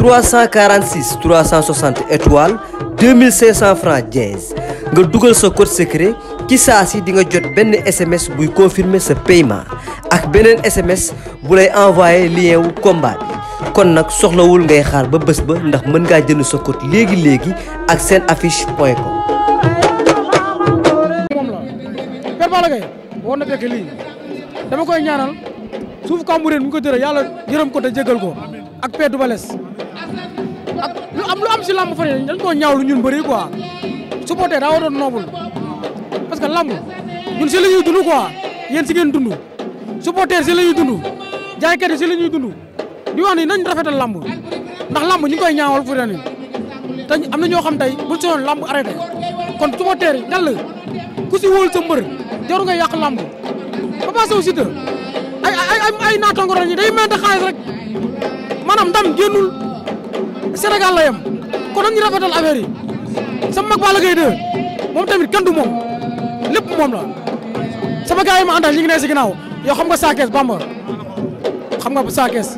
346 360 étoiles 2500 francs dièse nga dugal sa code secret ci saa si di nga jot benn SMS buy confirmer sa paiement ak beneen SMS bu lay envoyé lien wu combat kon nag soxlawul ngay xaar ba bés ba ndax mën ngaa jënd sa code léegi léegi ak seen affiche point com. moom la Père war na fekk lii dama koy ñaanal suuf Cambérène mu ko jëlee yàlla yërëm ko te jégal ko ak Père Doubalès. lu am lu am si lamb fan yii dañ koo ñaawlu ñun bëri quoi supporter daa a a noobul parce que lamb ñun si la ñuy dund quoi yéen si ngeen dund supporter si la ñuy dund jaaykat yi la ñuy dund di wax ni nañ rafetal lamb ndax lamb ñu ngi koy ñaawal fu ne am na ñoo xam tey bu sonoon lamb arrêté kon supporter yi dal ku si wóol sa mbër jaru nga yàq lamb Papa Sow Siteu ay ay ay naataango la ñuy day métti xaalis rek maanaam ndam génnul. Sénégal la yem kon nañu rafetal affaire sama mag Balla Gaye 2 moom tamit kenn du moom lépp moom la sama gars yi ma àndal ñu ngi ne si ginnaaw yow xam nga Sakes Bamba xam nga Sakes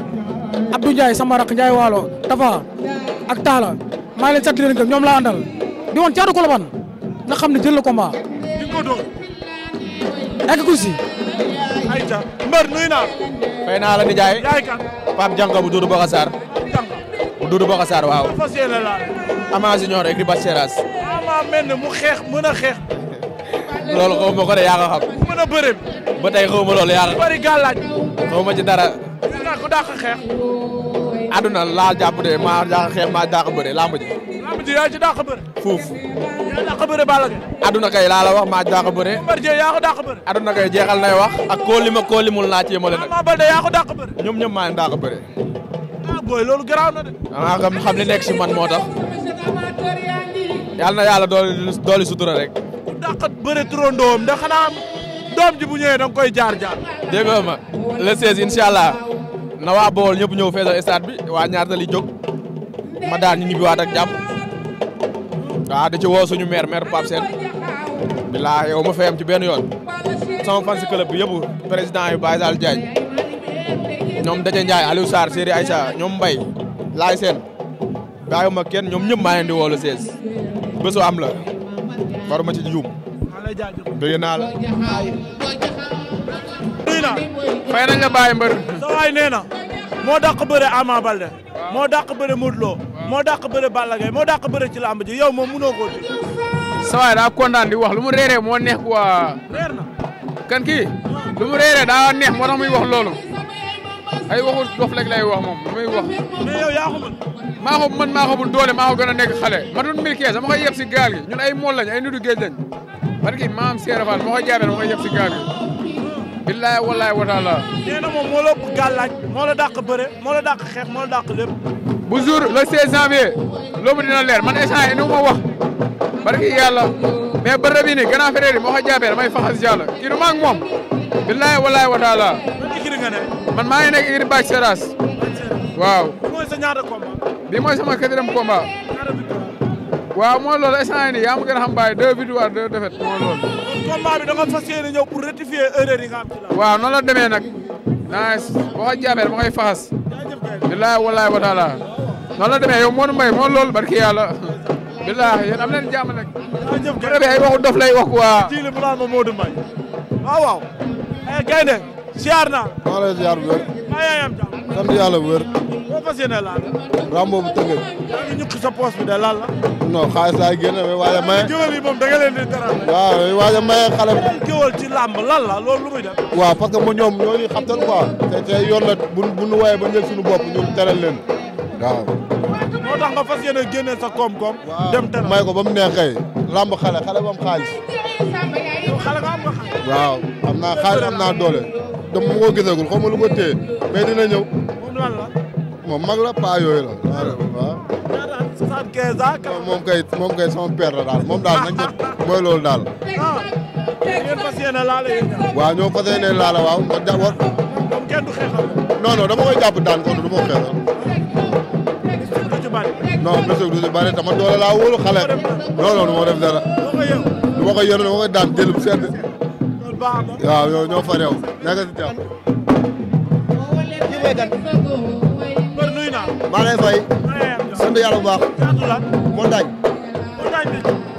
Abdou Ndiaye sama rakk Ndiaye Waalo Tafa ak Talla maa leen sant leen ñoom laa àndal di woon caatu ko la ban nga xam ne jël la combat. di nga ko doon. egg ku si. ayca mbër nuyu naa. fay naa la Ndiaye. Doudou Bakassar waaw. fas yéene laal. Ama Junior rek di Bacheras. Ama mel ne a xeex. loolu xaw ma ko de yaa nga xam. mën a bëre. ba tey ma loolu yaa nga xam. bari gàllaaj. xaw ma ci dara. dinaa ko xeex. aduna laa jàpp de maa dàq xeex maa dàq bëre lamb ji. lamb ji yaa aduna kay laa la wax maa dàq bëre. Bombardier aduna kay jeexal nay wax. ak koo lima koo limul naa ci yemale nag. Ama Baldé yaa booy loolu garaaw na de. ah xam xam li nekk si man moo tax. yàlla na yàlla dooli dooli sutura rek. ku dàqat bëre turandoom da ji bu ñëwee da koy jaar jaar. dégg ma le 16 incha allah na waa bool ñëpp ñëw feesal stade bi waa ñaar dali jóg ma daan ñu ñibbiwaat ak jàmm waaw ah, da ci woo suñu maire maire Pape Sène yow ma fayam ci benn yoon sama fan si club bi yëpp président yu Baye Sall Diagne. ñoom Daje Ndiaye Aliou Sarr Seri Aïssa ñoom Mbaye laay seen bàyyiwuma kenn ñoom ñëpp maa leen di woolu sees bésu am la waruma ci juum bëgg naa la na fay nañ la bàyyi mbër sawaay nee na moo dàq bëre Ama Baldé moo dàq bëre Modou Lo moo dàq bëre Balla moo dàq bëre ci làmb ji yow moom mënoo koo di sawaay daa kontaan di wax lu mu réeree moo neex quoi reer na lu mu réeree daa neex moo tax muy wax loolu ay waxul dof rek lay wax moom muy wax. mais yow yaa ko mën. maa bu doole maa ko gën a nekk xale. ma doon mil kees ma si gaal gi ñun ay mool lañ ay nitu géej lañ parce que maam Seera Fall ma koy jaaree ma si gaal gi. billaay wallaay wataala. nee moom moo la ëpp gàllaaj moo la dàq bëre moo la dàq xeex moo la dàq lépp. bu jour le 16 janvier loolu dina leer man instant yii ni ma wax barki yàlla mais bëre bi ni grand frère yi moo ko jaabee damay faxas yàlla kii du ma ak moom nga ne. man maa ngi nekk Igri Bac Seras. waaw. bi mooy sa ñaata combat. bi mooy sama quatrième combat. waaw mooy loolu instant yii nii gën a xam bàyyi deux victoires deux mooy loolu. da nga fas la. waaw noonu la demee nag. naa boo ko jaamee dama faxas. billaahi wallaahi wa taala. la demee yow Modou Mbaye mooy loolu barki yàlla. billaahi yéen am leen jàmm nag. jërëjëf dof lay wax waa. jiile bu la ma Modou eh, gaynde siyaar naa. maa ngi lay siyaar bu wér. maa yaa am jàmm. sant bu wér. boo fas yéene laal. Rambo bu tënkee. ñukk sa poos bi de laal la. non xaalis laay génne mais waaye maye. géwél moom da nga leen di dara. waaw waaye maye xale. géwél ci làmb lan la loolu lu muy waaw parce que mu ñoom ñoo ñuy xamtal quoi. te tey yoon bu nu wooyee ba njëkk suñu bopp ñoom teral leen waaw. moo tax fas yéene génne sa koom-koom. may ko ba mu neex kay. xale xale ba mu xaalis. waaw am naa xaalis am naa dama ma ko gisagul xaw ma lu ko téye dina ñëw. moom lan la. moom mag la paa yooyu la. Ah, waaw. soixante-quinze ans. moom kay moom kay la daal moom daal ko mooy loolu daal. ah. ngeen fas yéene laala yéen. waaw daan kon du ko xeexal. du ci bari. non monsieur du ci bari dama doole laa wóolu xale. non non ko yëngu du ma ko daan jël bu waaw yow ñoo fa réew naka si jàpp. maa lay fay. sant yàlla bu baax. montagne.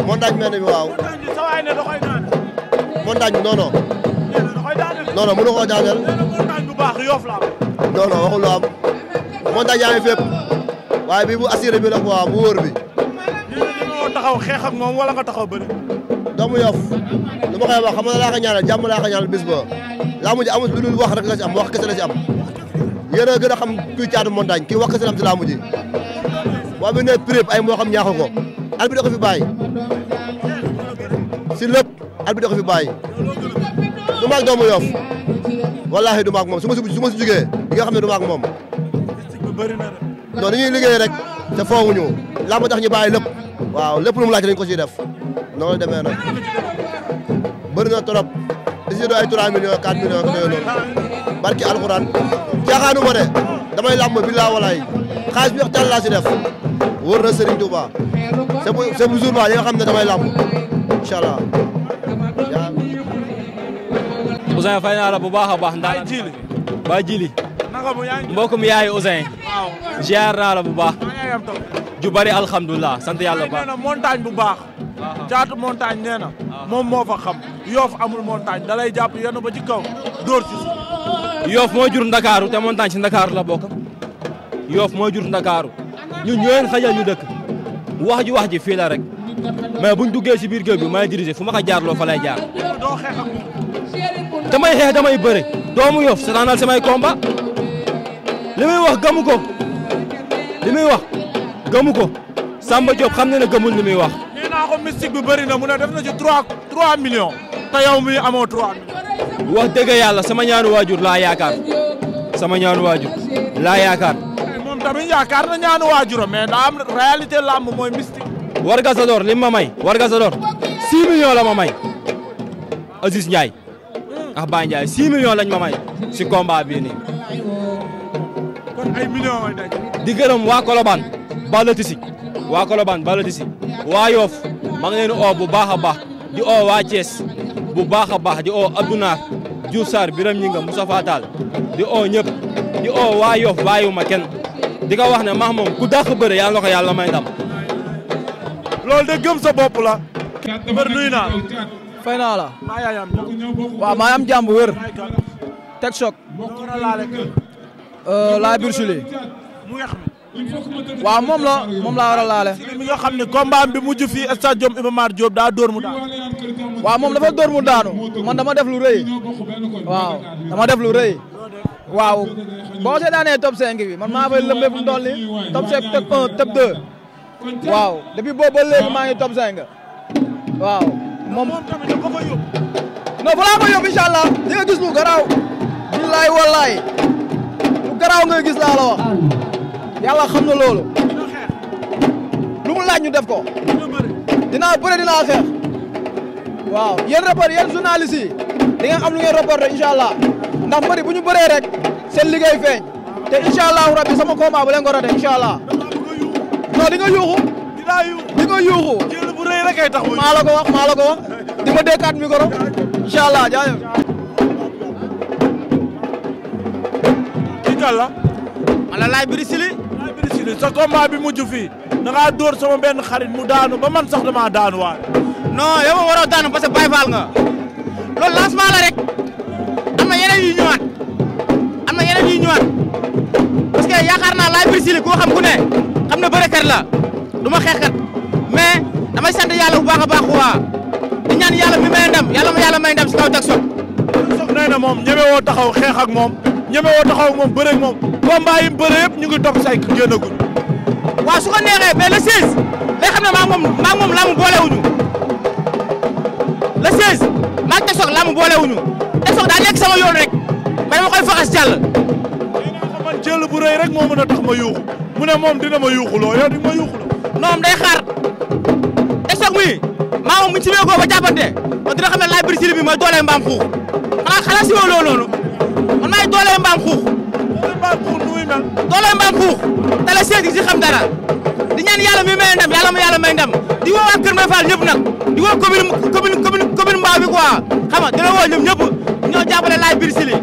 montagne mel ni bi waaw. montagne non non. non non daaneel. non non waxul lu am. montagne yaa ngi fépp. waaye bi bu assuré bi la quoi taxaw xeex moom wala nga taxaw bëri. doomu Yoff lu ma a wax xam nga laa ko ñaanal jàmm laa ko ñaanal bis ba laamu ji amul lu dul wax rek la ci am wax kese la ci am yéen a gën a xam kuy kii wax kese la am ci laamu ji boo amee ne prép ay moo xam ñaaxu ko al bi da fi bàyyi si lépp al bi da ko fi bàyyi du maag doomu Yoff wallaahi du maag moom su ma si su ma si jugee di nga xam ne du maag moom non dañuy liggéey rek te foowuñu laamu tax ñu bàyyi lépp waaw lépp mu laaj ko ciy def noonu na trop li si ay 3 millions 4 millions ak loolu barki alxuraan jaaxaanu ma de damay làmb billaa walaay xaalis bi wax tal laa si def wóor na Serigne Touba c'est pour c'est pour jour ba damay làmb incha allah. Ousseyn fay la bu baax a baax. ndax ba jili mbokkum yaay Ousseyn. waaw la bu baax. ju bari alhamdulilah sant yàlla baax. caatu montagne nee na moom moo fa xam yoof amul montagne dalay jàpp yenn ba ci kaw dóor ci yoof moo jur ndakaaru te montagne si ndakaaru la bokk yoof moo jur ndakaaru ñun ñooyeen xajal ñu dëkk wax ji wax ji fii la rek mais buñ duggee si biir géej bi may dirigé fu ma ko jaarloo fa lay jaar xeex damay bëre doomu yoof setaanal samay combat li muy wax gëmu ko wax gëmu ko Samba Diop xam na ne gëmul li wax ko mystique bi bëri na mu ne def na ci 3 3 millions mi amoo 3 millions. yàlla sama ñaanu waajur laa yaakaar sama ñaanu waajur laa yaakaar. Eh, moom tamit yaakaar na ñaanu waajuram mais daa am réalité làmb mooy mystique. Warga Sador li ma may. Warga Sador 6 millions la ma may Aziz Ndiaye. Hmm. ah Baye Ndiaye 6 millions lañ ma may si combat bii nii. kon ay millions mooy di gërëm waa Colobane Balotisi ma ngi oo bu baax a baax di oo waa Thiès bu baax baax di oo Abdounaar Diouf Sarr Birame Gningue Moustapha Tall di oo ñëpp di oo waa Yoff bàyyiwuma kenn di ko wax ne max moom ku dàq bëre yàlla na ko yàlla ndam. loolu de gëm sa bopp la. mbër nuyu naa. fay naa la. waaw maa am jàmm wér. teg choc. laa euh, birsuli. waaw moom la moom laa war a laale. mi nga xam ne combat bi mujj fii stade Diop Iba Mar Diop daa dóor mu daanu. waaw moom dafa dóor mu daanu man dama def lu rëy waaw dama def lu rëy waaw boo seetaanee top 5 bi man maa fay lëmbee fu mu top 5 top 1 top 2 waaw depuis boobu ba maa ngi top 5 waaw moom. non balaa ma yóbbu incha di nga gis lu garaaw. billaay wallaay lu garaaw ngay gis laa la wax yàlla xam na loolu. lu ñu def ko. dinaa bëre dinaa xeex. waaw yéen rapport yéen journaliste yi di ngeen am lu ngeen rapporté incha allah ndax mbëri bu ñu rek seen liggéey feeñ te incha allahu rabbi sama combat bu leen ko allah. non di yuuxu. di yuuxu. jël bu rëy rek ay wax maa la ko wax di ma allah jaajëf. incha allah. laay biri sili bis li sa bi mujj fii da ngaa dóor benn xarit mu daanu ba man sax damaa daanu waay. non ma waroo daanu parce que Baye Fall nga loolu lancement la rek am yeneen yu ñëwaat am yeneen yu ñëwaat parce yaakaar naa laay brisili koo xam ku ne xam na bërekat la du ma xeexkat mais damay sant yàlla bu baax a baax waa di ñaan yàlla mi may ndam yàlla si kaw teg soog. soog nee na moom ñeme woo taxaw xeex moom ñeme woo taxaw moom bëreeg combat yi mu ñu ngi topp say génnaguñ. waaw su ko neexee mais le 16 day xam ne maa moom maa moom laa mu boolewuñu le 16 maa ngi Tek-Sok laa mu boolewuñu tek nekk sama yoon rek man ma koy faxas jàll. man jël bu rëy rek moo mën a tax ma yuuxu mu ne moom dina ma yuuxu loo yow di ma yuuxu loo. non day xaar Tek-Sok mi maa moom bu ñu simee koo dina xam ne laaj bi bi mooy doolee mbaam xuux xanaa xanaa si ma noonu man maay doolee xuux. doole Mbacour nu muy mel. doole Mbacour tala seet yi si xam dara di ñaan yàlla mi may ndam yàlla mu di woo waa Kër Mafal ñëpp nag di woo commune commune commune commune Mbao bi quoi xam nga dina ñoo jàppale laaj biir si li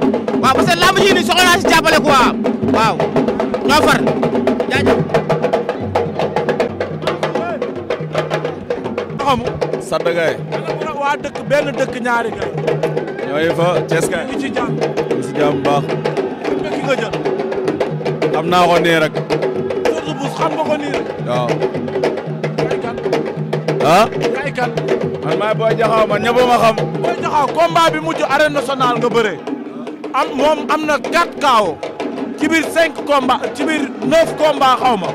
waaw parce que làmb ji nii soxla naa si jàppale quoi waaw ñoo far waa dëkk benn dëkk ñaari kay. ñooy fa Thiès kay. ñu ci jàmm nga jël. xam naa ko nii rek. Forza Bouss xam nga ko nii rek. waaw. yaay kan. ah. yaay kan. man maay Boy Jaxaw man ñëpp ma xam. Boy Jaxaw combat bi mujj arène nationale nga bëree. am moom am na 4 KO. ci biir 5 combat ci biir 9 combat xaw ma.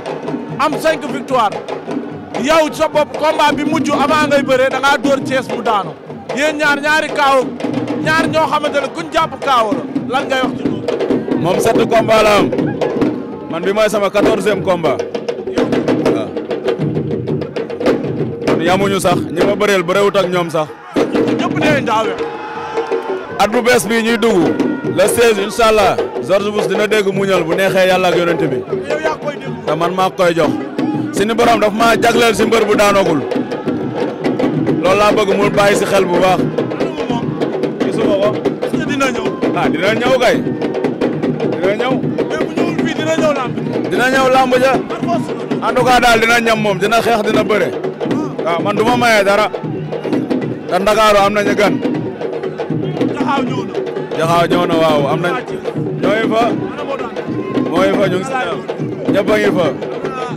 am 5 victoire. yow sa bopp combat bi mujj avant ngay bëree da ngaa dóor mu daanu. yéen ñaar ñaari kaaw ñaar ñoo xamante ne kuñ jàpp kaaw la lan ngay wax ci moom sept combat man bi mooy sama quatorzième combat waaw kon yamuñu sax ñi ma bëreel bëreewut ak ñoom sax at bu bees bi ñuy dugg la 16 incha allah George dina dégg muñal bu neexee yàlla ak bi te man maa koy jox suñu borom daf maa jagleel si bu daanogul loolu laa bëgg mu bàyyi si xel bu baax gisuma ko dina ñëw ah dina ñëw kay dina ñëw. mais bu ñëwul fii daal dina ñam moom dina xeex dina bëre. Ah. waaw man du ma maye dara. te am nañu gan. Jaxaaw ñëw waaw am nañu. ñooy fa. mooy fa ñu ngi si ñoom. ñëpp a ngi fa. Ah,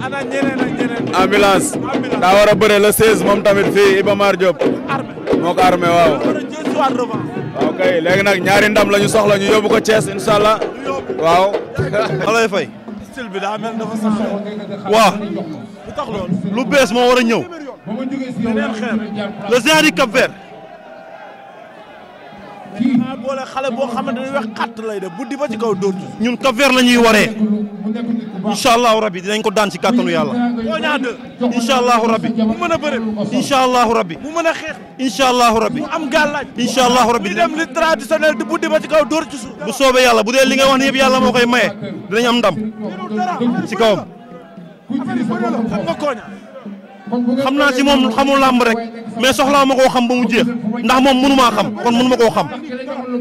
ana ñeneen a bëre le 16 moom tamit fii Iba Mar moo ko armé waaw. waaw kay léegi ñaari ndam la soxla ñu yóbbu ko Thiès incha waaw. alay fay. style bi daa mel dafa sax. waaw. lu tax loolu. lu bees moo war a ñëw. le géant du Cap Vert. boole xale boo xamante ne wex xatt lay def buddi ba ci kaw dóor ci ñun Cap Vert la ñuy waree incha allahu rabbi dinañ ko daan ci kàttanu yàlla Boña 2 incha allahu rabbi mu mën a bëre incha allahu rabbi mu mën a xeex incha allahu rabbi mu am gàllaaj incha allahu rabbi dem li traditionnel di buddi ba ci kaw dóor ci suuf bu soobee yàlla bu dee li ngay wax ni yëpp yàlla moo koy maye dinañ am ndam ci kawam xam nga Koña xam naa ci moom xamul làmb rek mais soxlaa ma koo xam ba mu jeex ndax moom mënu maa xam kon mënu ma koo xam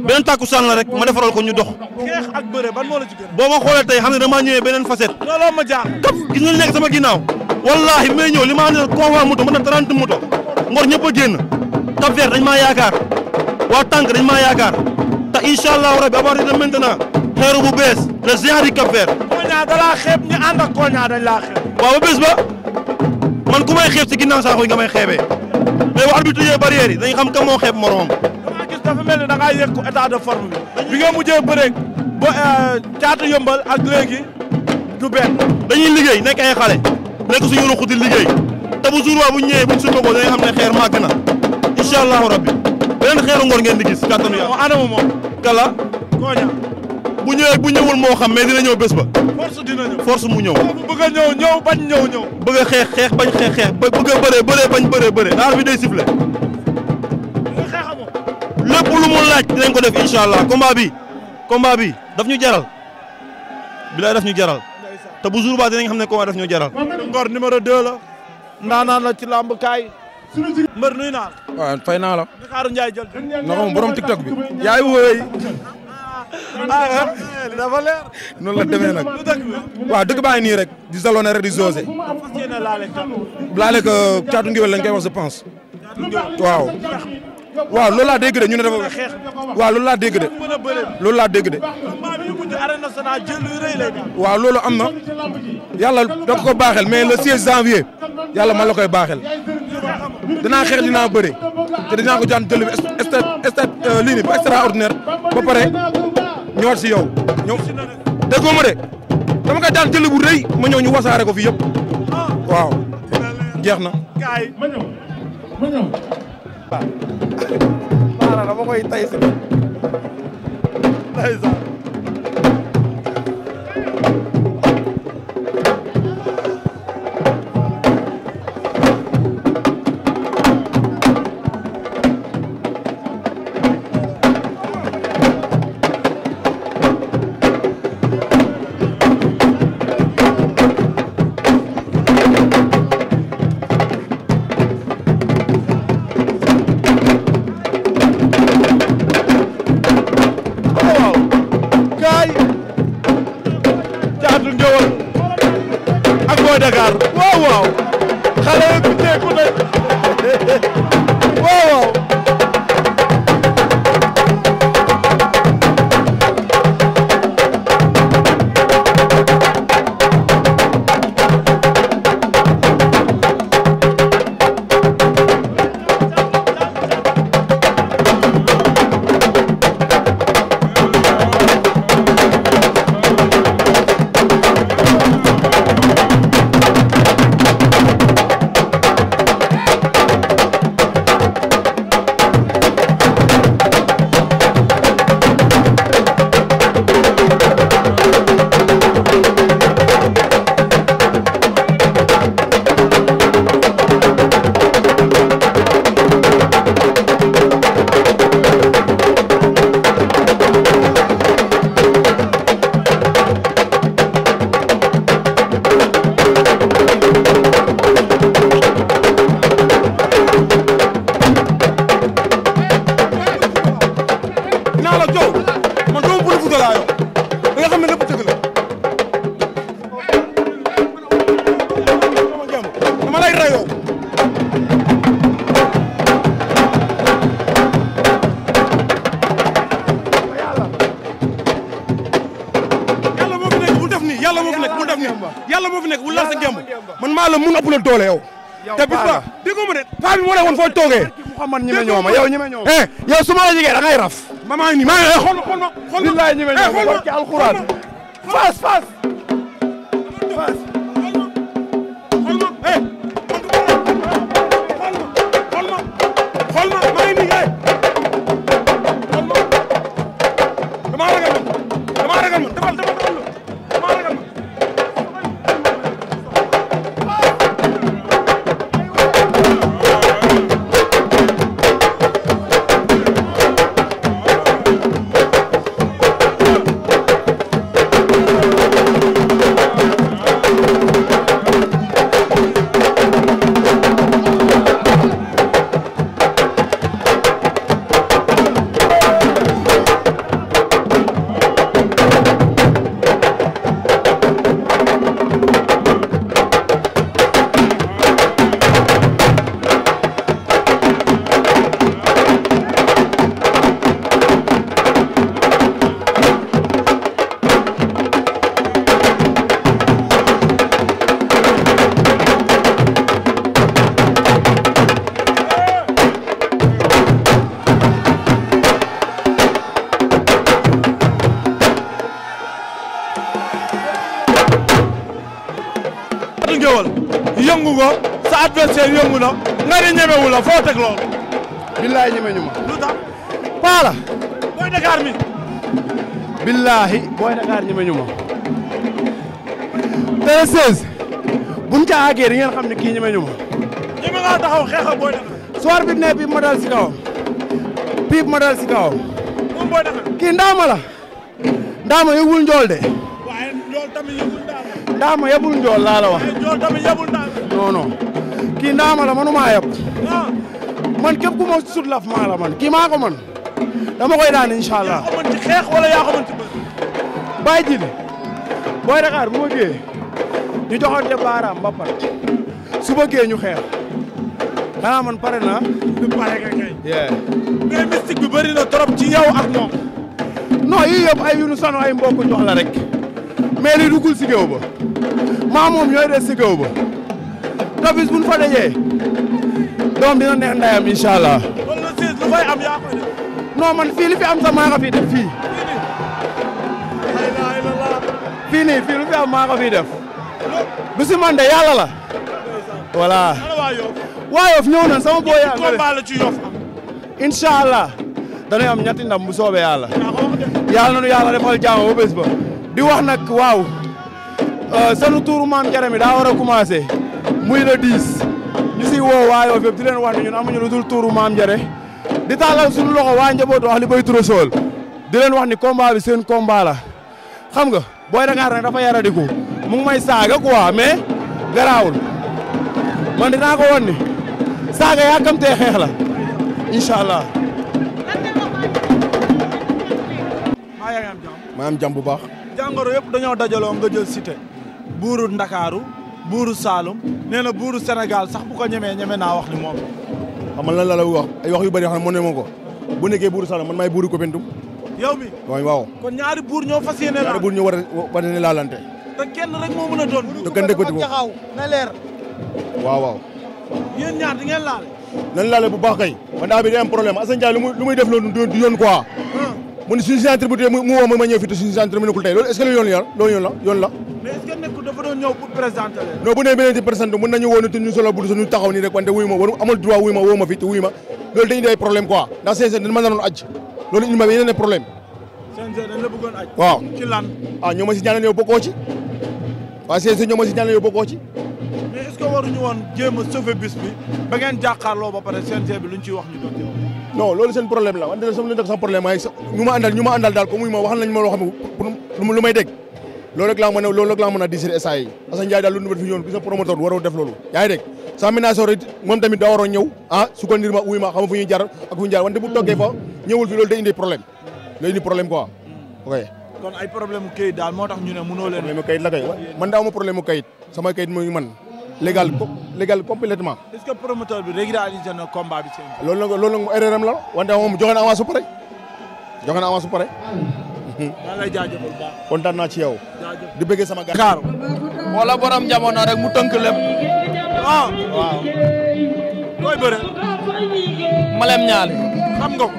beneen tàkkusaan la rek ma defaral ko ñu dox. xeex ak bëre ban moo la ci gën. boo ma xoolee tey xam ne damaa ñëwee beneen facette. looloo ma jaar kap gis nga li nekk sama ginnaaw. wallaahi may ñëw li ma andal convoi moto mën na 30 moto ngor ñëpp a génn Cap Vert dañ maa yaakaar waa tànk dañ maa yaakaar te incha allahu rabi à partir de bu bees le géant du Cap laa xeeb ñu ànd ak Koña dañ laa xeeb. man ku may xeeb si ginnaaw saako yi nga may xeebee mais bu arbitre yee barrière yi xam ka moo xeeb moromam. damaa gis dafa mel ni da ngaa yëg ko état de forme bi. bi nga mujjee bëreeg ba euh, caatu yëmbal ak léegi du benn. dañuy liggéey nekk ay xale nekk suñu ruq di liggéey te bu jour waa bu ñëwee bu ñu suñu xam ne xeer màgg na incha allahu rabbi beneen xeeru ngor ngeen di gis kàttanu yàlla. waaw Adama moom kala. kooña. bu bu ñëwul moo xam mais dina ñëw bés ba. force dina ñëw mu ñëw. bëgg a ñëw ñëw bañ ñëw ñëw. bëgg a xeex xeex bañ xeex xeex ba bëgg a bañ bëree bëree daal bi day sifflé. lépp lu mu laaj dinañ ko def incha allah combat bi combat bi daf ñu jaral bilaay daf ñu jaral te bu jour ba dinañ xam ne combat daf ñu jaral. Ngor numéro 2 la. ndaanaan la ci làmb kaay. mbër nuy naa la. fay naa la. Ndakaaru Ndiaye jël. na bi. yaay wooy. Ah, ah. dafa leer. noonu la demee nag waaw dëgg baa ngi nii rek di saloon rek di sosé. laale ko caatu ngiwél lañ koy wax je pense. waaw. waaw loolu laa dégg de ñu ne dafa xeex. waaw loolu laa dégg de. loolu laa dégg de. waaw loolu am na. yàlla da ko baaxel mais le 16 janvier yàlla ma la koy baaxel. dinaa xeex dinaa bëri te dinaa ko jaan jël bi est est lii nii bu extraordinaire ba pare ñoo si yow. ñëw déggoo ma de dama koy daan jël bu rëy ma ñëw ñu wasaare ko fi yëpp ah. waaw jeex na. ma ñëw ma ñëw. waaw. mu def nii yàlla moo fi nekk wul laal sa ngemb man maa la mun ëpp la doole yow te bis ba dégg ma de paa bi moo lay woon fooy toogee Mouhamad ñi ma ñooma yow ñi ma ñooma eh yow su ma la jegee da ngay raf mama ni ma xool ma xool ma billahi ñi ma ñooma eh, barke alxuraan faas faas adversaire yëngu na nga di ñemewu la foo teg billaahi ñeme ñu ma. la. booy Dakar mi. billaahi booy Dakar ñeme ñu ma. tey ca àggee di ngeen xam ne kii ñeme ñu ma. ñeme nga taxaw ma dal si kawam. bii ma dal si kawam. moom booy Dakar. kii ndaama la. njool de. waaye njool tamit njool laa la wax. kii ndaama la manuma man képp ku ma sut laf maa la man kii maa ko man dama koy daan incha allah. yaa ko mën xeex wala yaa ko mën ci bëri. bàyyi ji bu bëggee ñu joxante baaraam ba pare ñu xeex xanaa pare naa. du pare nga bi bëri na ci yow ak moom. non yii ay yu nu sanu ay mbokk jox la rek mais li duggul si ba maa ñooy des si ba. nga bis bu ñu fa dajee doom dina neex ndayam incha allah. kon le am yaa koy def. non man fi am sax fii. lu si man de yàlla la. waa Yoff ñëw na sama booy yàlla. combat la bu soobee yàlla. yàlla na nu yàlla defal jàmm ba bés ba. di wax nag waaw. Euh, sanu tuuru maam Jaara daa war a muy le 10 ñu siy woo waa Yoff yëpp di leen wax ne ñun amuñu lu dul maam Ndiare di taalal suñu loxo waa njabootu wax li bay turo di leen wax ni combat bi seen combat la xam nga booy Dakar nag dafa yaradiku mu ngi may saaga quoi mais garaawul man dinaa ko wan ni saaga yàkkamtee xeex la incha allah. maa ngi am jàmm bu baax. jàngoro yëpp dañoo dajaloo nga jël cité. buuru Ndakaaru. buuru Saalum nee na buuru senegal sax bu ko ñemee ñeme naa wax ni moom xam nga lan la la wax ay wax yu bëri yoo xam ne ne ko bu nekkee buuru Saalum man maay buuru Koumpentoum yow mi waaw waaw kon ñaari buur ñoo fas yéene ñaari buur ñoo war a war a laalante te kenn rek moo mën a doon te kenn rek jaxaaw na leer di ngeen laal nan laale bu baax kay mandat bi day am problème Assane Ndiaye lu muy def loolu du ko quoi mu ne suñu centre bu mu woo ma ma ñëw fii te suñu centre mu loolu est-ce loolu yoon la yoon la yoon la. mais est-ce que nekkul dafa doon ñëw pour présenter leen. solo bu suñu taxaw nii rek wante wuyu ma waru amul droit wuyu ma woo ma fi wuyu ma loolu dañuy di ay problème quoi ndax CNG dañ ma naroon aj loolu indi ma yeneen problème. CNG dañ waaw ci lan. ah ñoo ma si ñaanal ci waa CNG ñoo ma si ñaanal yow bokkoo ci est-ce que woon jéem a sauver bis ba ngeen jàkkaarloo ba pare CNG bi luñ ciy wax ñu doon jëm. non loolu seen problème la ma àndal ñu ma àndal daal ko muy ma wax nañ lu may dégg loolu rek laa mën a loolu rek laa mën a disir essai yi Assane Ndiaye daal lu nu fi ñëwoon gis nga promoteur waroo def loolu yaa ngi dégg sans ménageur moom tamit daa waroon ñëw ah su ma wuy ma xam fu ñuy jar ak fu ñuy wante bu toggee fa ñëwul fi loolu day indi problème day indi problème quoi ok kon ay problème kayit kay man daa ma légal légal complètement. est-ce que promoteur bi bi seen. loolu nag loolu nag mu erreur am la wante moom joxe na avance su pare joxe na avance naa ci yow. di bëggee sama gars. Dakar wala borom jamono rek mu tënk lépp. ah waaw. koy bëre. Malem Nialy. ko.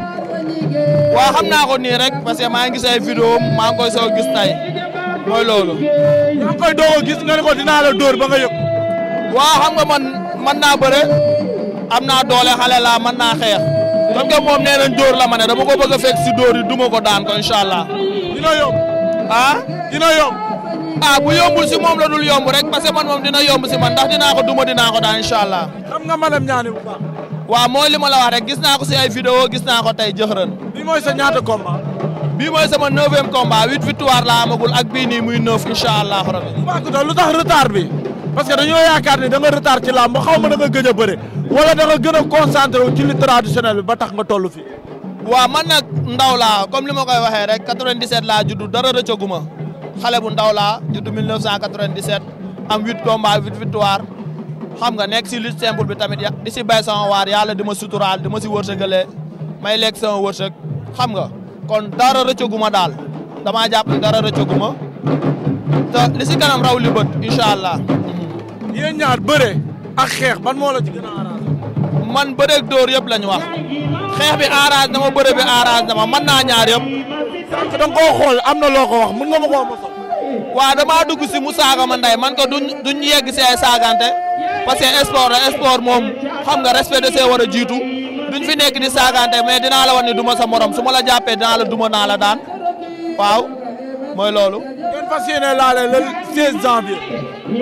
waaw xam naa ko nii rek parce maa ngi gis ay maa ngi koy tay mooy loolu. yaa ngi doog a gis ko dinaa la dóor ba nga yëg. waa xam nga man mën naa bëre am naa doole xale laa man naa xeex comme nga moom nee nañ dóor la ma ne dama ko bëgg a fekk si dóor yi duma ko daan ko incha allah. Ah? dina yomb. ah bu yombul si moom la dul yomb rek parce que man moom dina yomb si man ndax dinaa ko duma dinaa ko daan incha allah. xam nga malam ñaani bu baax. waaw moo li ma la wax rek gis naa ko si ay vidéo gis naa ko tey jëxërën. bii mooy sa ñaata combat. bii mooy sama neuvième combat huit victoire laa amagul ak bii nii muy neuf incha bi. parce que dañoo yaakaar ni da nga retard ci làmb xaw ma da nga gëj a bëre wala da nga gën a concentré wu ci li traditionnel bi ba tax nga toll fi waaw man nag ndaw laa comme li ma koy waxee rek 97 laa juddu dara rëccaguma xale bu ndaw laa juddu 1997 am 8 combats 8 victoire xam nga nekk si lutte simple bi tamit di si bay sama waar yàlla di ma suturaal di ma si wërsëgalee may lekk sama wërsëg xam nga kon dara rëccaguma daal damaa jàpp dara rëccaguma te li si kanam raw allah yéen ñaar bëre ak xeex ban moo la ci gën a man bëre ak dóor yëpp lañu wax xeex bi arrange na ma bëre bi arrange na ma mën naa ñaar yëpp. sànq da nga xool am na loo ko wax mun na ma koo mosal. dugg si mu saaga ma ndey man ko duñ duñ yegg si ay saagante parce que sport la sport moom xam nga respect de see war a jiitu duñ fi nekk di saagante mais dinaa la wax ni duma sa morom su ma la jàppee dinaa la duma naa la daan waaw. mooy loolu. ngeen fas yéene laale le 16 janvier.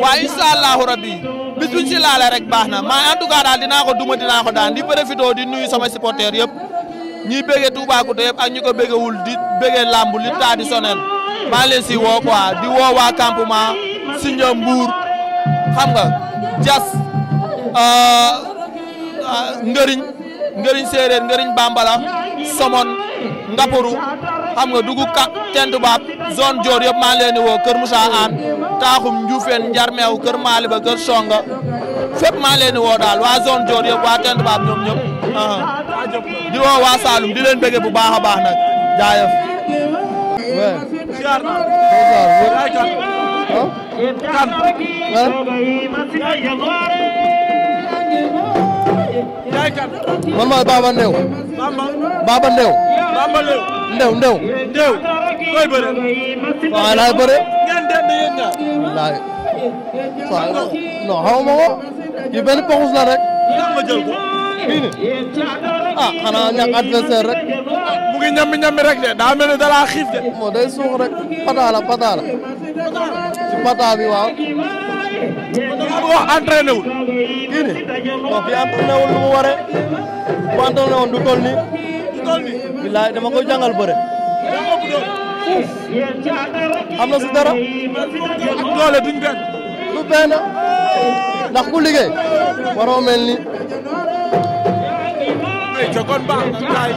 waaw incha allahu rabi bis buñ si laale rek baax na maa en daal dinaa ko duma dinaa daan di profité di nuyu sama supporters yëpp ñiy bëggee Toubacouta yëpp ak ñi ko bëggewul di bëggee làmb li maa ngi si woo quoi di woo waa campement Sindia Mbour xam nga Diass euh, euh, Ngëriñ Ngëriñ séeréer Ngëriñ Bambala Somone Ngapourou. xam nga dugub ka tent baab zone Dior yëpp maa ngi leen di woo Kër Moussa Aan Taaxum Ndioufène Njarmeew Kër Maliba Kër Songa fépp maa woo daal waa zone Dior yëpp waa tent baab ñoom ñëpp uh-huh. di woo waa Saloum di leen bëggee bu baax a baax nag jaayëf. man mooy Baba ndew ndew. ndew koy bëre. waaw laay bëre. ngeen dend yéen ñaar. laay waaw non xaw ma ko. yu benn poxus la rek. ndax ma jël ko. fii nii ah xanaa ñàkk adversaire rek. mu ngi ñambi ñambi rek de daa mel ni da laa xiif de. moo day suux rek pataala pataala. ci pata bi waaw. bu wax entraîné wul. kii nii non fii entraîné wul lu mu waree. bu entraîné woon du toll nii. toll nii. bilaay dama koy jàngal bëre. am na si dara. ak doole duñ benn. du benn ndax ku liggéey. waroo mel ni. ay ca kon baax na kaay.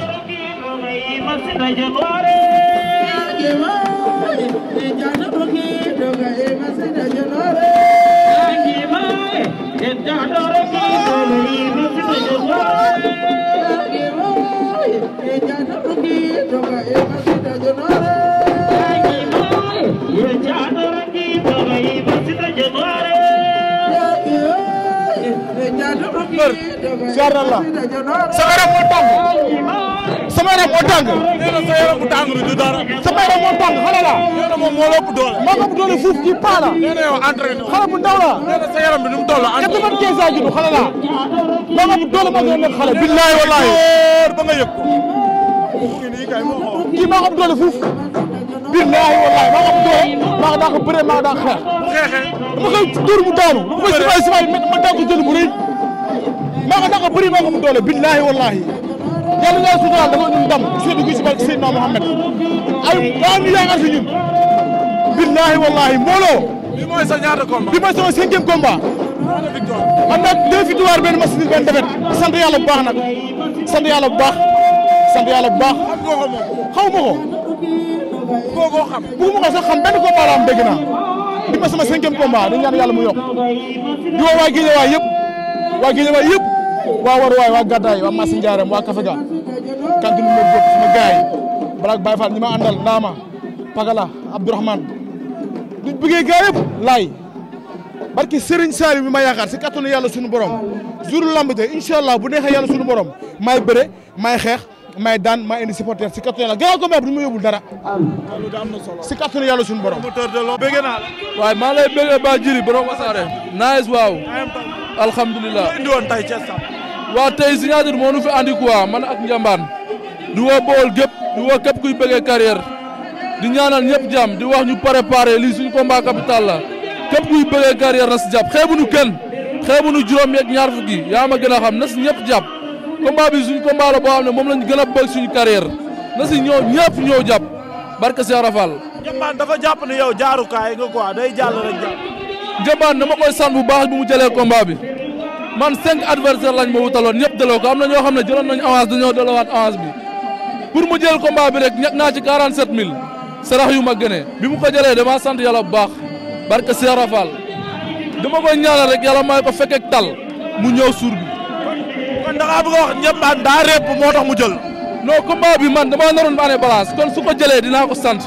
siyaar na la sama yaram moo tàng sama yaram moo tàng nee na sa yaram bu tàng du dara sama yaram moo tàng xale la nee na moom moo la ëpp doole moo la ëpp doole fuuf kii paa la nee na yow entraîné xale bu ndaw la nee na sa yaram bi nu mu toll 95 ans judd xale la ba nga doole ma doon leen xale. billaay nga yëg maa xam doole fuuf. billaay wallaay maa xam doole maa daa ko bëree maa daa xeex. xeexee dama koy mu daanu. mu rëy. maa ko maa ko mu doole billaay wallaay. yàlla naa suturaal dafa ñun ndam seetu gi si barke Seydina Mohamed ay maa ngi yaakaar si ñun. billahi wallahi mbooloo. bi mooy sa ñaata combat bi mooy sama am na deux victoires benn match benn défaite sant yàlla bu baax nag sant yàlla bu baax sant yàlla bu baax. xaw ma ko. boo ko xam. bu ma ko sax xam benn combat la am dégg naa bi mu yokk di woo waa Guédiawaye yëpp waa Guédiawaye yëpp waa Waruwaay waa Gàddaay waa Massi Ndiarème waa Kafaga kantin ma gaay balaa Baye Fall ñi ma àndal Ndaama Pagala Abdourahmane duñ bëggee gaay yëpp laay barki Serigne Saliou bi ma yaakaar si kattanu yàlla suñu borom jour lamb ja incha bu neexee yàlla suñu borom maay bëre maay xeex maay daan maay indi supporter si kattanu yàlla gannaaw combat bi du ma yóbbul dara. si kattanu yàlla suñu borom. bëgg naa la. waaye maa lay bëggee ba jiri borom wasaare. nice waaw. alhamdulilah maa indi tey Thiès sax. waa tey signature moo nu fi andi quoi man ak njambaan di woo bool gépp di woo képp kuy bëggee carrière di ñaanal ñëpp jàmm di wax ñu préparé lii suñu combat capital la. képp kuy bëree carrière nas jàpp xeebuñu kenn xeebuñu juróom yeeg ñaar fukki yaa ma gën a xam nas ñëpp jàpp combat bi suñ combat la boo xam ne moom lañ gën a bëgg suñu carrière na si ñëw ñëpp ñëw jàpp barke Cheikh Rafal. Jëmbaan dafa jàpp ne yow jaarukaay nga quoi day jàll rek jàpp. Jëmbaan dama koy sant bu baax bu mu jëlee combat bi man cinq adversaire lañ ma wutaloon ñëpp delloo ko am na ñoo xam ne jëloon nañu avance dañoo delloowaat avance bi pour mu jël combat bi rek ñett naa ci 47000 sarax yu ma gënee bi mu ko jëlee bu baax. barke Seera Fall dama koy ñaanal rek yàlla may ko fekk ak tal mu ñëw suur bi. kon da ngaa a wax ñëpp a daa répp moo tax mu jël. non combat bi man damaa naroon ba année balance kon su ko jëlee dinaa ko sant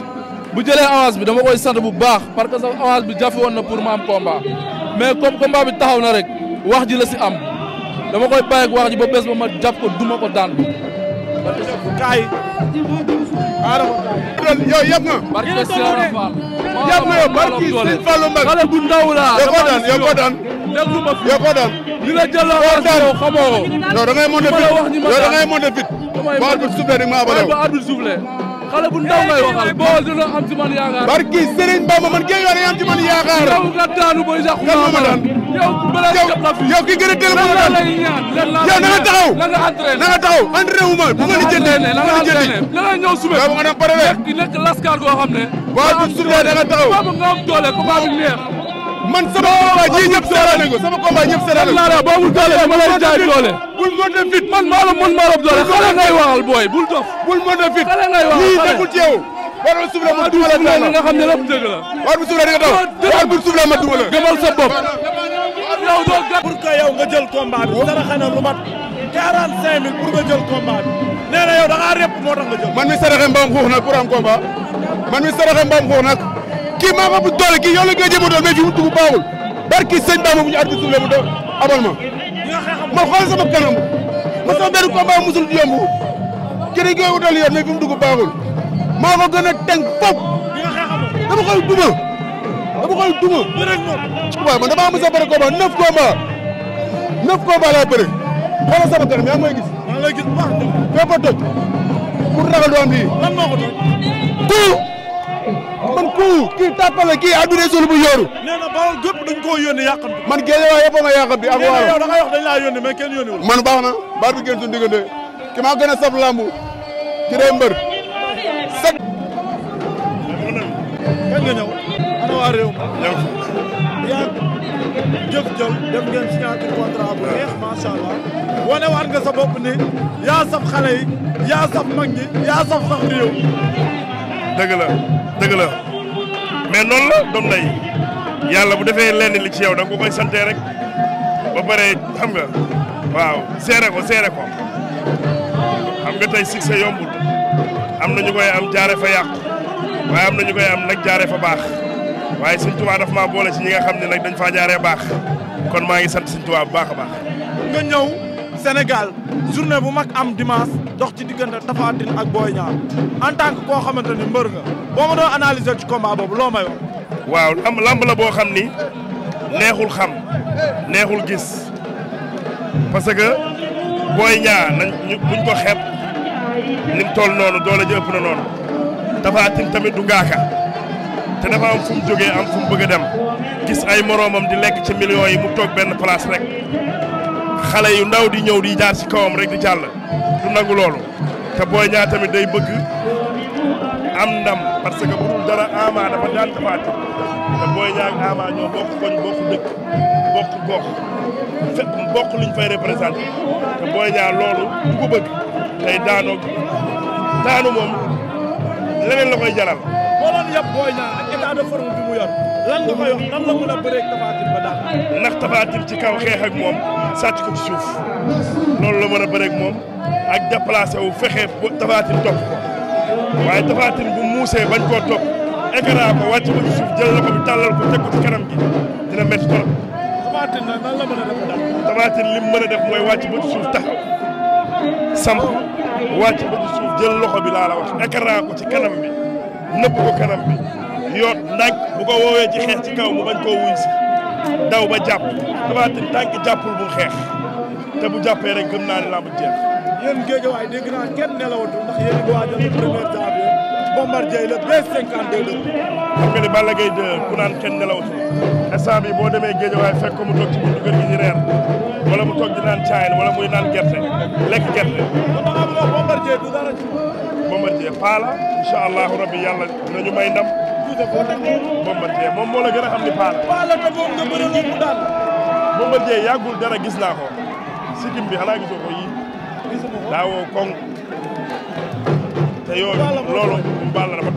bu jëlee avance bi dama koy sant bu baax parce que sax avance bi jafe woon na pour ma am combat mais comme combat bi taxaw na rek wax ji la si am dama ko bàyyi ak wax ji ba bés ba ma jàpp ko duma ko daan kaay arama dool yow yëpp nga yëpp nga yow barki Sëñ Fallou Mbacke xale bu ndaw la yow ko daan yow ko daan yow ko daan li la jël la xamoo yow da ngay monté fit yow da ngay monté fit ba arbitre soufflé di ma abalew ba arbitre soufflé xale bu ndaw ngay waxal boo dina am ci man yaakaar barki Serigne Bamba man kee yow da nga am ci man yaakaar yow nga daanu boy sax ma daan yow yow ki gën a teel moo daan yow na nga taxaw na nga taxaw entraîné wu ma bu ma lijjatee bu ma lijjatee dana ñëw sume yow nga dem pare de nekk laskar goo xam ne waaw bu sumee da nga taxaw nga am doole ko ba bi doole bul mën a fit man maa la mën maa doole bul dof bul a fit xale ngay waxal lii nekkul ci yow war gëmal sa yow doo gàtt. pour que yow nga jël combat bi. dara xanaa lu mat 45000 pour nga jël da ngaa rëpp moo tax nga jël. man mi saraxe mbaam xuux nag pour am combat man mi saraxe mbaam xuux nag kii maa doole kii yow la nga jëmoo fi mu dugg baawul barki sëñ Bamba bu ñu arbitre soufflé mu do abal ma. ma xool sama kanam ma sama benn combat baaxul maa ko gën a tënk fop dama duma dama koy duma. bëri ak moom waaye man a bëri combat neuf combat neuf combat laa bëri xoolal de. fépp ko toj. kuu man kuu kii tàppale kii àdduna suul bu yóoru. dañ koo yónni yàqam. man géej waaye yëpp a ma yàqam da nga wax dañ laa yónni man baax na baat bi gën suñu ki maa gën a saf lamb ci day waa yaa jëf sa bopp ni xale yi yaa saf mag yaa saf sax réew. dëgg la dëgg la mais noonu la yàlla bu defee lenn li ci yow da nga rek ba pare xam nga waaw seere ko seere ko xam nga tey succès yombul am na ñu koy am jaare fa yàqu waaye am na ñu koy am nag jaare fa baax. waaye Sëñ Tuubaa daf maa boole si ñi nga xam ne nag dañ faa baax kon maa ngi sant Sëñ Tuubaa bu baax a nga ñëw senegal journée bu mag am dimanche dox ci diggante Tapha Tine ak booy Niang en tant que koo xamante ni mbër nga boo ma doon analyser ci combat boobu loo waaw lamb lamb la boo xam ni neexul xam neexul gis parce que booy ñaa nañ buñ ko xeeb nim noonu doole ji ëpp na noonu Tapha Tine tamit du ngaaka. te dafa am fu mu jógee am fu mu dem gis ay moroomam di lekk ci millions yi mu toog benn place rek xale yu ndaw di ñëw di jaar ci kawam rek di jàll du nangu loolu te Boy Niang tamit day bëgg am ndam parce que bu dul dara Ama dafa daan tafaati te Boy Niang ak ñoo bokk koñ bokk dëkk bokk gox fépp bokk fay représenté te Boy Niang loolu du ko bëgg tey daanoo daanu moom boo doon la mën a bëree ci kaw xeex moom sàcc ko ci suuf noonu la mën a bëree moom ak déplacé wu fexe ba Tapha Tine topp ko waaye Tapha Tine muusee bañ koo topp écran ko wàcc ko ci suuf jël la ko tàllal ko teg ko ci kanam gi dina métti trop. Tapha Tine mën a def li mën a def mooy wàcc ba ci suuf taxaw samp wàcc ba suuf jël loxo bi laa la wax écran ko ci kanam bi. nëbb ko kanam bi yoot ndànk bu ko woowee ci xeex ci kaw mu bañ koo wuñ si daw ba jàpp Tapha Tine tànk bu xeex te bu jàppee rek gëm naa ne làmb jeex. yéen géej waay dégg naa kenn nelawatu ndax naan kenn nelawatu instant bi boo demee géej waay fekk ko mu toog ci buntu kër gi di reer wala mu toog di naan caayin wala muy naan gerte lekk gerte. kon da ngaa bëgg a du dara ci. Bombardier paa la incha allahu rabi yàlla dinañu may ndam. Bombardier gën a xam ni paa la. paa la te moom nga bëri loolu mu gis naa ko sikkim bi xanaa gisoo ko yii.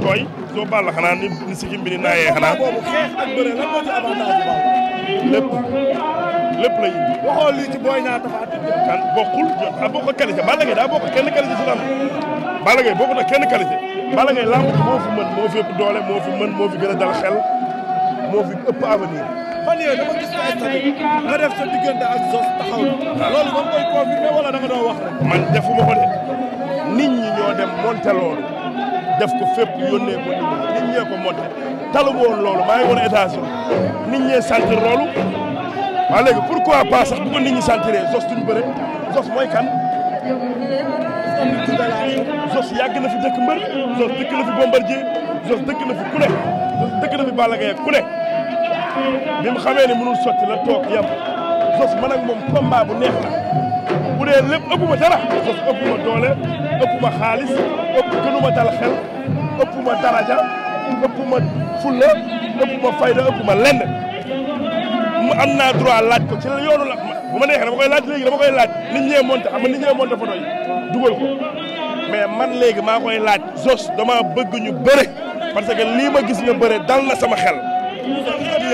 tooy. soo baal la ni sikkim ni naayee xanaa. lépp. lépp la indi. boo xool lii ci booy ñaar tafaat kan bokkul ah boo ko qualité Balla Gaye daa bokk kenn qualité si lamb Balla Gaye bokk na kenn qualité Balla Gaye lamb moo fi mën moo fi doole moo fi mën moo fi gën a dal xel moo fi ëpp avenir. fan yooyu dama gis ay stade nga def sa diggante ak Zoss taxaw na. loolu moom koy confirmé wala da nga doon wax rek. man defuma ko de nit ñi ñoo dem monté loolu def ko fépp yónnee ko nit ñee ko monté talu woon loolu maa ngi woon état nit waaw ah, léegi pourquoi pas sax bu ko nit ñi sentiré Zoss duñu bëre Zoss kan Zoss yàgg na fi dëkk mbër Zoss dëkk na fi Bombardier Zoss dëkk na fi ku ne Zoss dëkk na fi Balla Gaye ku ne bi mu xamee ne mënul sotti la toog yam Zoss man ak moom combat bu neex la bu dee lépp ëppuma dara Zoss ëppuma doole ëppuma xaalis ëpp gënuma dal xel ëppuma daraja ëppuma fulla ëppuma fayda ëppuma lenn am naa droit laaj ko ci la yoonu la bu ma neexee dama koy laaj léegi dama koy laaj nit ñee monté xam nga nit ñee monté dugal ko mais man léegi maa koy laaj Zoss dama bëgg ñu bëre parce que lii ma gis nga bëre dal na sama xel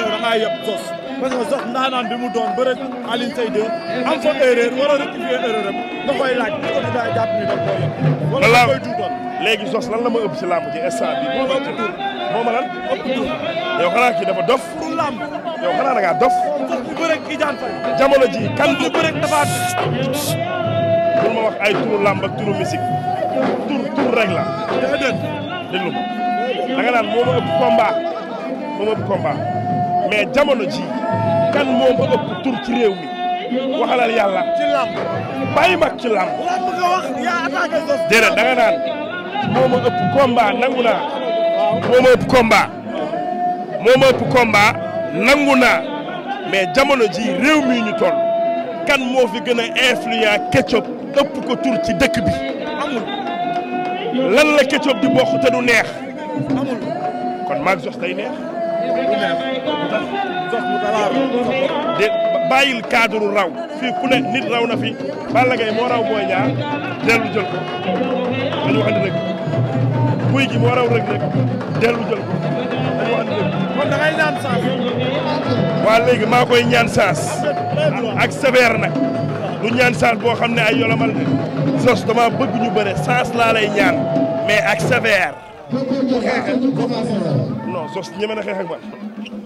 dangaa yëpp Zoss parce mu doon bëre Alioune Seye am fa erreur war a rectifier erreur am da koy laaj ko di daa jàpp ni da koy yëpp wala léegi Zoss lan la ma ëpp ci làmb ji instant bi moo ma ëpp tur moo ma lan ëpp tur yow kii dafa dof pour làmb yow xanaa da dof Zoss jamono ji kan bu bëre dafa pour ma wax ay turu làmb turu musique tur tur rek la déedéet déglu naan moo ma ëpp combat moo ma ëpp combat mais jamono ji kan moo ma ëpp tur ci réew mi waxalal yàlla ci làmb bàyyi mag ci làmb naan moo ma ëpp combat nangu naa moo ma ëpp combat nangu naa mais jamono ji réew mii ñu toll kan moo fi gën a influent Ketchup ëpp ko tur ci dëkk bi amul lan la Ketchup di bokk te du neex amul kon maag Zos day neex de bàyyil cadre raw fii ku nit raw na fi Balla Gaye moo raw Boy Niang dellu jël ko dañu wax guy gi moo raw rek rek dellu jël ko. kon da ngay ñaan waa léegi maa koy ñaan saas. ak sévère nag. du ñaan saas boo xam ne ay yolomal de. Zoss dama bëgg ñu bëre saas laa lay ñaan mais ak sévère. bu xeexee non ñeme na xeex ak man.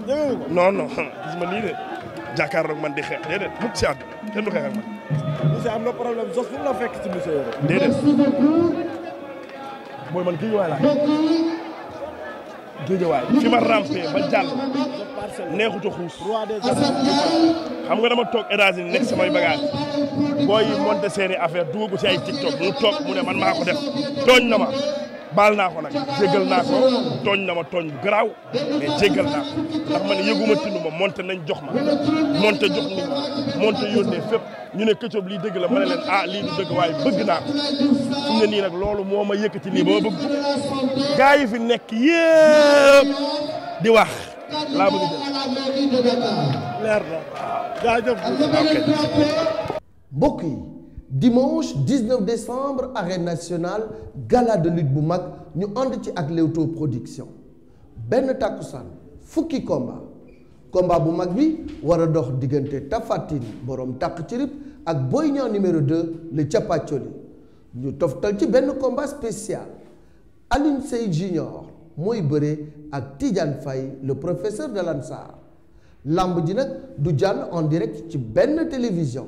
ñeme ko non ma nii de jàkkaarloog man di xeex déedéet mukk si àdduna kenn du xeex ak man. monsieur am na problème Zoss fu mu la fekk ci monsieur Yoro. déedéet. booy man géejawaay laa euh, géejawaay fi ma rampé ba jàll neexuta xuus xam nga dama toog États-Unis nekk samay bagage booy monté seeni affaire dugagu si ay TikTok mu toog mu ne man maa ko def na ma baal naa ko nag jéggal naa ko tooñ na ma tooñ bu garaaw mais jéggal naa ko ndax man yëguma tinu ma monte nañ jox ma monte jox nit monte yónnee fépp ñu ne Ketchup lii dëgg la ma ne leen ah lii du dëgg waaye bëgg naa ko fu ne nii nag loolu moo ma yëkkati lii ba ma bëgg gaa yi fi nekk yëpp di wax laa bëgg jël leer na jaajëf mbokk yi dimanche 19 décembre arène nationale gala de bu mag ñu ànd ci ak Leewtoo production benn takkusaan fukki komba combat bu mag bi war a dox diggante Tapha Tine borom takk ci ak Boy Niang numéro 2 le Chapacholi ñu toftal ci benn combat spécial Alioune Seye Junior mooy bëre ak Tidiane fay le professeur de l'Ansar làmb ji nag du jàll en direct ci benn télévision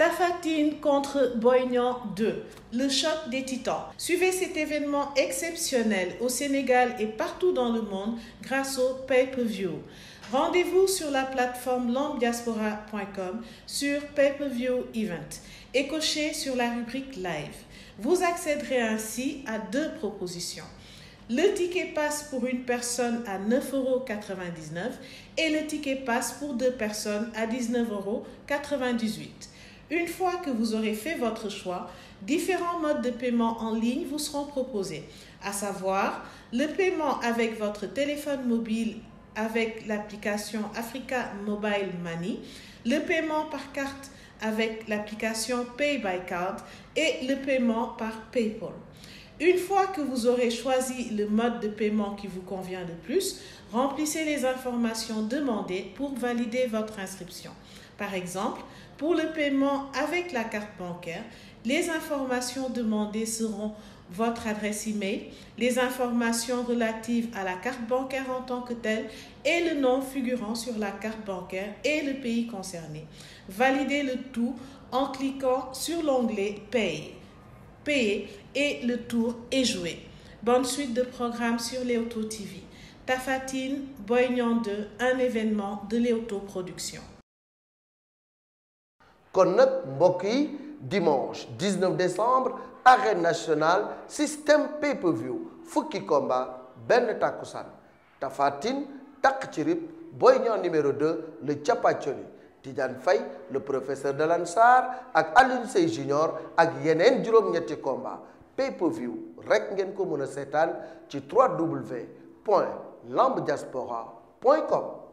Tafatine contre Boignan 2, le choc des titans. Suivez cet événement exceptionnel au Sénégal et partout dans le monde grâce au pay per Rendez-vous sur la plateforme lambdiaspora.com sur pay-per-view event et cochez sur la rubrique live. Vous accéderez ainsi à deux propositions. Le ticket passe pour une personne à 9,99 euros et le ticket passe pour deux personnes à 19,98 euros. Une fois que vous aurez fait votre choix, différents modes de paiement en ligne vous seront proposés, à savoir le paiement avec votre téléphone mobile avec l'application Africa Mobile Money, le paiement par carte avec l'application Pay by Card et le paiement par PayPal. Une fois que vous aurez choisi le mode de paiement qui vous convient le plus, remplissez les informations demandées pour valider votre inscription. Par exemple, pour le paiement avec la carte bancaire. Les informations demandées seront votre adresse email, les informations relatives à la carte bancaire en tant que telle et le nom figurant sur la carte bancaire et le pays concerné. Validez le tout en cliquant sur l'onglet Payer. et le tour est joué. Bonne suite de programmes sur Léoto TV. Tafatine, Boignan 2, un événement de Léoto Production. kon nag mbokk yi dimanche 19 décembre arène nationale système pay-per-view fukki combat benn takkusaan Tapha Tine takk ci rib Boy Niang numéro 2 le capacholi Tidiane Faye le professeur de l'Ansar ak Alioune Seye ak yeneen juróom-ñetti combat pay-per-view rek ngeen ko mën a seetaan ci 3w point lambdiaspora point com